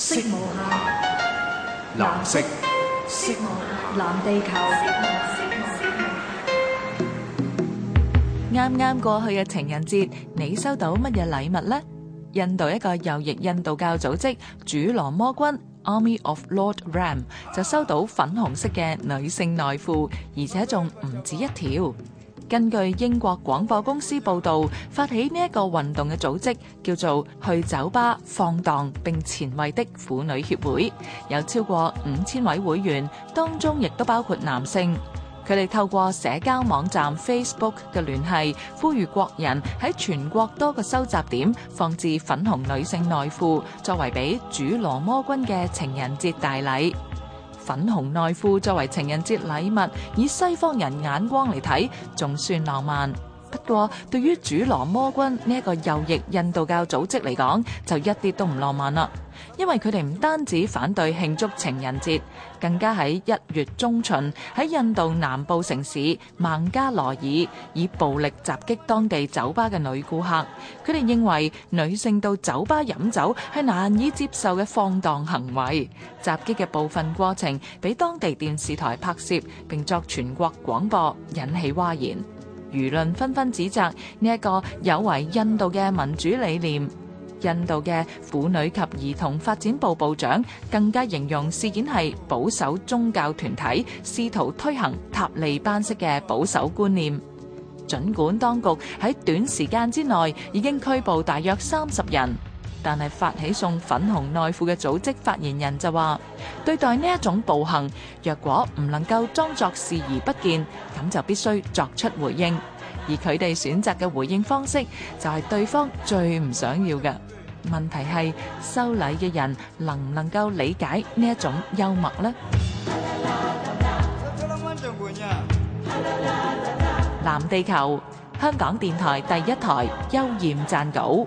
色無限，藍色。色無限，藍地球。啱啱過去嘅情人節，你收到乜嘢禮物呢？印度一個右翼印度教組織主羅摩軍 Army of Lord Ram 就收到粉紅色嘅女性內褲，而且仲唔止一條。根據英國廣播公司報導，發起呢一個運動嘅組織叫做去酒吧放蕩並前衛的婦女協會，有超過五千位會員，當中亦都包括男性。佢哋透過社交網站 Facebook 嘅聯繫，呼籲國人喺全國多個收集點放置粉紅女性內褲，作為俾主羅摩君嘅情人節大禮。粉紅內褲作為情人節禮物，以西方人眼光嚟睇，仲算浪漫。不過，對於主羅摩軍呢一個右翼印度教組織嚟講，就一啲都唔浪漫啦。因為佢哋唔單止反對慶祝情人節，更加喺一月中旬喺印度南部城市孟加羅爾，以暴力襲擊當地酒吧嘅女顧客。佢哋認為女性到酒吧飲酒係難以接受嘅放蕩行為。襲擊嘅部分過程俾當地電視台拍攝並作全國廣播，引起譁然。輿論紛紛指責呢一個有違印度嘅民主理念。印度嘅婦女及兒童發展部部長更加形容事件係保守宗教團體試圖推行塔利班式嘅保守觀念。儘管當局喺短時間之內已經拘捕大約三十人。但係發起送粉紅內褲嘅組織發言人就話：對待呢一種暴行，若果唔能夠裝作視而不見，咁就必須作出回應。而佢哋選擇嘅回應方式，就係對方最唔想要嘅。問題係收禮嘅人能唔能夠理解呢一種幽默呢？藍地球，香港電台第一台，邱焱撰稿。